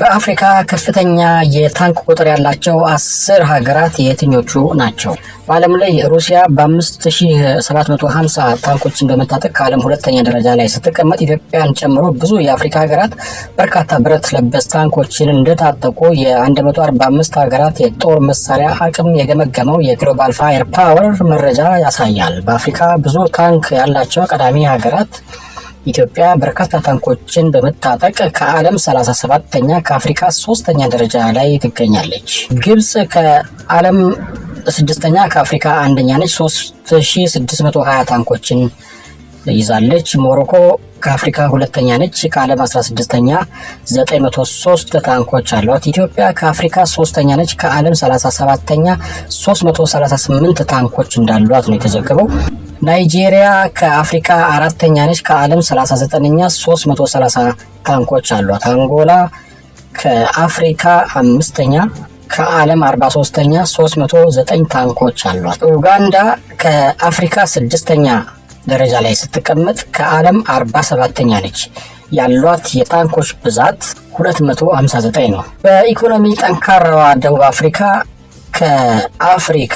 በአፍሪካ ከፍተኛ የታንክ ቁጥር ያላቸው አስር ሀገራት የትኞቹ ናቸው? በዓለም ላይ ሩሲያ በ5750 ታንኮችን በመታጠቅ ከዓለም ሁለተኛ ደረጃ ላይ ስትቀመጥ ኢትዮጵያን ጨምሮ ብዙ የአፍሪካ ሀገራት በርካታ ብረት ለበስ ታንኮችን እንደታጠቁ የ145 ሀገራት የጦር መሳሪያ አቅም የገመገመው የግሎባል ፋየር ፓወር መረጃ ያሳያል። በአፍሪካ ብዙ ታንክ ያላቸው ቀዳሚ ሀገራት ኢትዮጵያ በርካታ ታንኮችን በመታጠቅ ከዓለም 37 ተኛ ከአፍሪካ ሶስተኛ ደረጃ ላይ ትገኛለች። ግብጽ ከዓለም ስድስተኛ ከአፍሪካ አንደኛ ነች፣ 3620 ታንኮችን ይዛለች። ሞሮኮ ከአፍሪካ ሁለተኛ ነች፣ ከዓለም 16ኛ 903 ታንኮች አሏት። ኢትዮጵያ ከአፍሪካ ሶስተኛ ነች፣ ከዓለም 37 ተኛ 338 ታንኮች እንዳሏት ነው የተዘገበው። ናይጄሪያ ከአፍሪካ አራተኛ ነች። ከዓለም 39ኛ 330 ታንኮች አሏት። አንጎላ ከአፍሪካ አምስተኛ ከዓለም 43ኛ 309 ታንኮች አሏት። ኡጋንዳ ከአፍሪካ ስድስተኛ ደረጃ ላይ ስትቀመጥ ከዓለም 47ኛ ነች። ያሏት የታንኮች ብዛት 259 ነው። በኢኮኖሚ ጠንካራዋ ደቡብ አፍሪካ ከአፍሪካ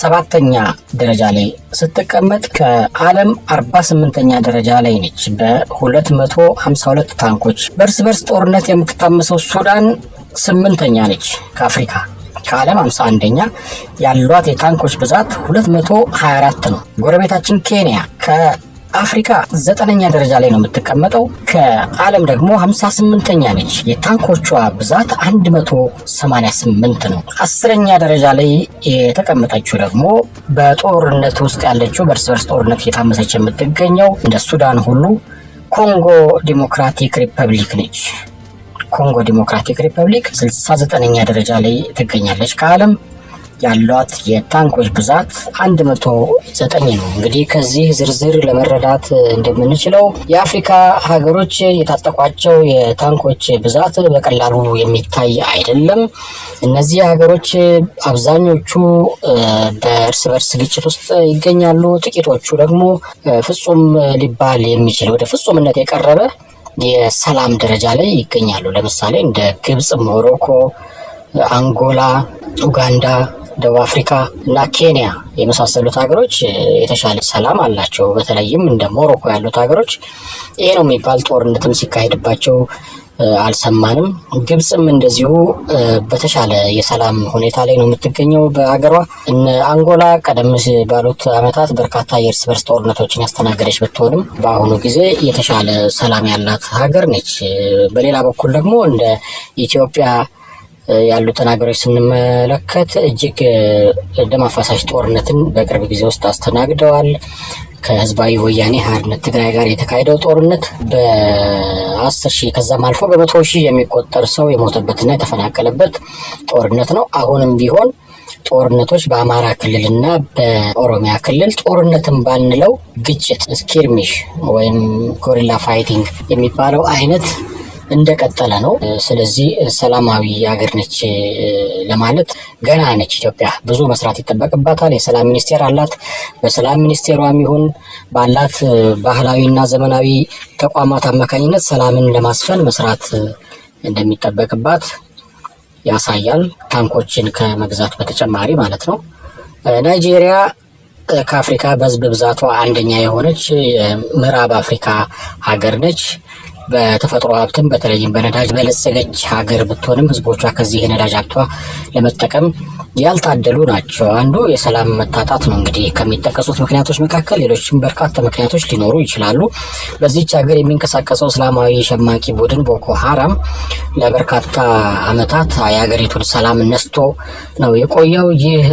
ሰባተኛ ደረጃ ላይ ስትቀመጥ ከዓለም 48ኛ ደረጃ ላይ ነች በ252 ታንኮች። በእርስ በርስ ጦርነት የምትታመሰው ሱዳን ስምንተኛ ነች ከአፍሪካ ከዓለም 51ኛ ያሏት የታንኮች ብዛት 224 ነው። ጎረቤታችን ኬንያ አፍሪካ ዘጠነኛ ደረጃ ላይ ነው የምትቀመጠው። ከዓለም ደግሞ 58ኛ ነች። የታንኮቿ ብዛት 188 ነው። አስረኛ ደረጃ ላይ የተቀመጠችው ደግሞ በጦርነት ውስጥ ያለችው በእርስ በርስ ጦርነት እየታመሰች የምትገኘው እንደ ሱዳን ሁሉ ኮንጎ ዲሞክራቲክ ሪፐብሊክ ነች። ኮንጎ ዲሞክራቲክ ሪፐብሊክ 69ኛ ደረጃ ላይ ትገኛለች ከዓለም ያሏት የታንኮች ብዛት 109 ነው። እንግዲህ ከዚህ ዝርዝር ለመረዳት እንደምንችለው የአፍሪካ ሀገሮች የታጠቋቸው የታንኮች ብዛት በቀላሉ የሚታይ አይደለም። እነዚህ ሀገሮች አብዛኞቹ በእርስ በርስ ግጭት ውስጥ ይገኛሉ። ጥቂቶቹ ደግሞ ፍጹም ሊባል የሚችል ወደ ፍጹምነት የቀረበ የሰላም ደረጃ ላይ ይገኛሉ። ለምሳሌ እንደ ግብፅ፣ ሞሮኮ፣ አንጎላ፣ ኡጋንዳ ደቡብ አፍሪካ እና ኬንያ የመሳሰሉት ሀገሮች የተሻለ ሰላም አላቸው። በተለይም እንደ ሞሮኮ ያሉት ሀገሮች ይሄ ነው የሚባል ጦርነትም ሲካሄድባቸው አልሰማንም። ግብፅም እንደዚሁ በተሻለ የሰላም ሁኔታ ላይ ነው የምትገኘው በሀገሯ። እነ አንጎላ ቀደም ባሉት ዓመታት በርካታ የእርስ በርስ ጦርነቶችን ያስተናገደች ብትሆንም በአሁኑ ጊዜ የተሻለ ሰላም ያላት ሀገር ነች። በሌላ በኩል ደግሞ እንደ ኢትዮጵያ ያሉትን ሀገሮች ስንመለከት እጅግ ደም አፋሳሽ ጦርነትን በቅርብ ጊዜ ውስጥ አስተናግደዋል። ከህዝባዊ ወያኔ ሀርነት ትግራይ ጋር የተካሄደው ጦርነት በአስር ሺህ ከዛም አልፎ በመቶ ሺህ የሚቆጠር ሰው የሞተበትና የተፈናቀለበት ጦርነት ነው። አሁንም ቢሆን ጦርነቶች በአማራ ክልል ና በኦሮሚያ ክልል ጦርነትን ባንለው ግጭት፣ ስኪርሚሽ ወይም ጎሪላ ፋይቲንግ የሚባለው አይነት እንደቀጠለ ነው። ስለዚህ ሰላማዊ ሀገር ነች ለማለት ገና ነች ኢትዮጵያ። ብዙ መስራት ይጠበቅባታል። የሰላም ሚኒስቴር አላት። በሰላም ሚኒስቴሯም ይሁን ባላት ባህላዊና ዘመናዊ ተቋማት አማካኝነት ሰላምን ለማስፈን መስራት እንደሚጠበቅባት ያሳያል። ታንኮችን ከመግዛት በተጨማሪ ማለት ነው። ናይጄሪያ ከአፍሪካ በህዝብ ብዛቷ አንደኛ የሆነች የምዕራብ አፍሪካ ሀገር ነች። በተፈጥሮ ሀብትም በተለይም በነዳጅ በለጸገች ሀገር ብትሆንም ህዝቦቿ ከዚህ የነዳጅ ሀብቷ ለመጠቀም ያልታደሉ ናቸው። አንዱ የሰላም መታጣት ነው። እንግዲህ ከሚጠቀሱት ምክንያቶች መካከል ሌሎችም በርካታ ምክንያቶች ሊኖሩ ይችላሉ። በዚች ሀገር የሚንቀሳቀሰው እስላማዊ ሸማቂ ቡድን ቦኮ ሀራም ለበርካታ ዓመታት የሀገሪቱን ሰላም ነስቶ ነው የቆየው። ይህ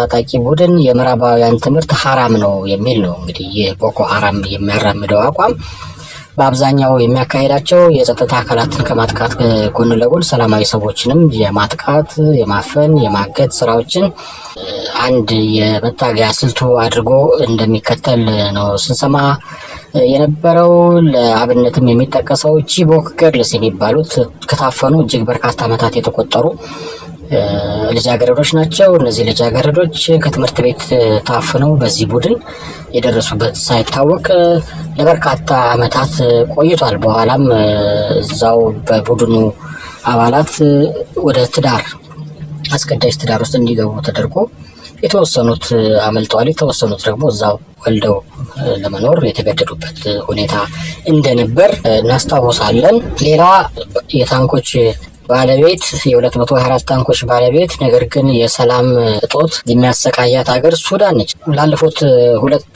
ታጣቂ ቡድን የምዕራባውያን ትምህርት ሀራም ነው የሚል ነው። እንግዲህ ይህ ቦኮ ሀራም የሚያራምደው አቋም በአብዛኛው የሚያካሄዳቸው የጸጥታ አካላትን ከማጥቃት ጎን ለጎን ሰላማዊ ሰዎችንም የማጥቃት የማፈን፣ የማገት ስራዎችን አንድ የመታገያ ስልቱ አድርጎ እንደሚከተል ነው ስንሰማ የነበረው ለአብነትም የሚጠቀሰው ቺቦክ ገርልስ የሚባሉት ከታፈኑ እጅግ በርካታ ዓመታት የተቆጠሩ ልጃገረዶች ናቸው። እነዚህ ልጃገረዶች ከትምህርት ቤት ታፍነው በዚህ ቡድን የደረሱበት ሳይታወቅ ለበርካታ ዓመታት ቆይቷል። በኋላም እዛው በቡድኑ አባላት ወደ ትዳር አስገዳጅ ትዳር ውስጥ እንዲገቡ ተደርጎ የተወሰኑት አመልጠዋል። የተወሰኑት ደግሞ እዛው ወልደው ለመኖር የተገደዱበት ሁኔታ እንደነበር እናስታውሳለን። ሌላ የታንኮች ባለቤት የ አራት ታንኮች ባለቤት ነገር ግን የሰላም እጦት የሚያሰቃያት ሀገር ሱዳን ነች። ላለፉት ሁለት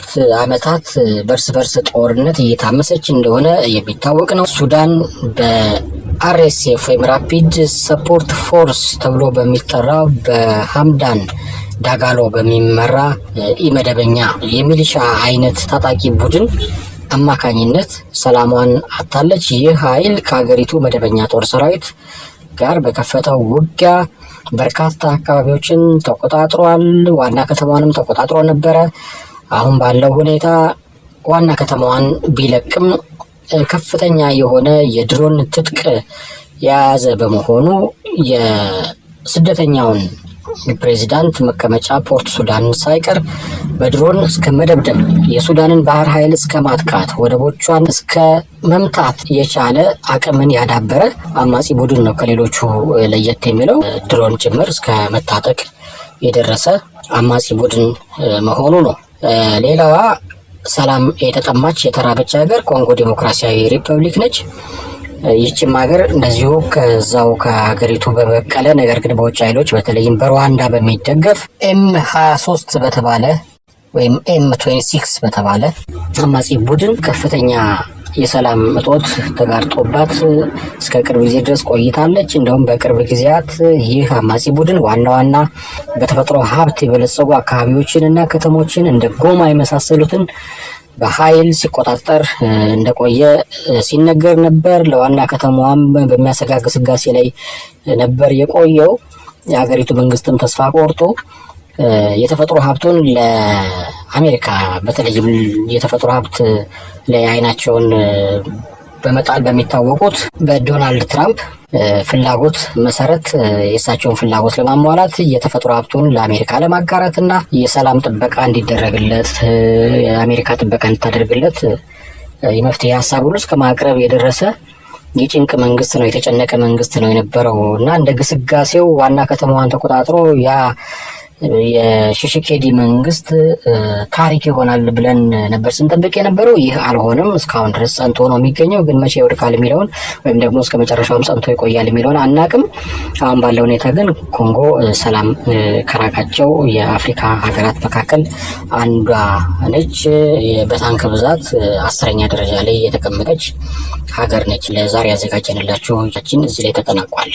ዓመታት በርስ በርስ ጦርነት እየታመሰች እንደሆነ የሚታወቅ ነው። ሱዳን በአርኤስኤፍ ወይም ራፒድ ሰፖርት ፎርስ ተብሎ በሚጠራው በሀምዳን ዳጋሎ በሚመራ ኢመደበኛ የሚሊሻ አይነት ታጣቂ ቡድን አማካኝነት ሰላሟን አታለች። ይህ ኃይል ከሀገሪቱ መደበኛ ጦር ሰራዊት ጋር በከፈተው ውጊያ በርካታ አካባቢዎችን ተቆጣጥሯል። ዋና ከተማዋንም ተቆጣጥሮ ነበረ። አሁን ባለው ሁኔታ ዋና ከተማዋን ቢለቅም ከፍተኛ የሆነ የድሮን ትጥቅ የያዘ በመሆኑ የስደተኛውን የፕሬዚዳንት መቀመጫ ፖርት ሱዳንን ሳይቀር በድሮን እስከ መደብደብ የሱዳንን ባህር ኃይል እስከ ማጥቃት ወደቦቿን እስከ መምታት የቻለ አቅምን ያዳበረ አማጺ ቡድን ነው። ከሌሎቹ ለየት የሚለው ድሮን ጭምር እስከ መታጠቅ የደረሰ አማጺ ቡድን መሆኑ ነው። ሌላዋ ሰላም የተጠማች የተራበች ሀገር ኮንጎ ዴሞክራሲያዊ ሪፐብሊክ ነች። ይችም ሀገር እንደዚሁ ከዛው ከሀገሪቱ በበቀለ ነገር ግን በውጭ ኃይሎች በተለይም በሩዋንዳ በሚደገፍ ኤም 23 በተባለ ወይም ኤም 26 በተባለ አማጺ ቡድን ከፍተኛ የሰላም እጦት ተጋርጦባት እስከ ቅርብ ጊዜ ድረስ ቆይታለች። እንደውም በቅርብ ጊዜያት ይህ አማጺ ቡድን ዋና ዋና በተፈጥሮ ሀብት የበለጸጉ አካባቢዎችን እና ከተሞችን እንደ ጎማ የመሳሰሉትን በኃይል ሲቆጣጠር እንደቆየ ሲነገር ነበር። ለዋና ከተማዋም በሚያሰጋ ግስጋሴ ላይ ነበር የቆየው። የሀገሪቱ መንግስትም ተስፋ ቆርጦ የተፈጥሮ ሀብቱን ለአሜሪካ በተለይም የተፈጥሮ ሀብት ላይ አይናቸውን በመጣል በሚታወቁት በዶናልድ ትራምፕ ፍላጎት መሰረት የእሳቸውን ፍላጎት ለማሟላት የተፈጥሮ ሀብቱን ለአሜሪካ ለማጋራት እና የሰላም ጥበቃ እንዲደረግለት የአሜሪካ ጥበቃ እንድታደርግለት የመፍትሄ ሀሳብ ሁሉ እስከ ማቅረብ የደረሰ የጭንቅ መንግስት ነው፣ የተጨነቀ መንግስት ነው የነበረው እና እንደ ግስጋሴው ዋና ከተማዋን ተቆጣጥሮ ያ የሽሽኬዲ መንግስት ታሪክ ይሆናል ብለን ነበር ስንጠብቅ የነበረው። ይህ አልሆንም። እስካሁን ድረስ ጸንቶ ነው የሚገኘው። ግን መቼ ይወድቃል የሚለውን ወይም ደግሞ እስከ መጨረሻውም ጸንቶ ይቆያል የሚለውን አናቅም። አሁን ባለው ሁኔታ ግን ኮንጎ ሰላም ከራቃቸው የአፍሪካ ሀገራት መካከል አንዷ ነች። በታንክ ብዛት አስረኛ ደረጃ ላይ የተቀመጠች ሀገር ነች። ለዛሬ ያዘጋጀንላችሁ እዚህ ላይ ተጠናቋል።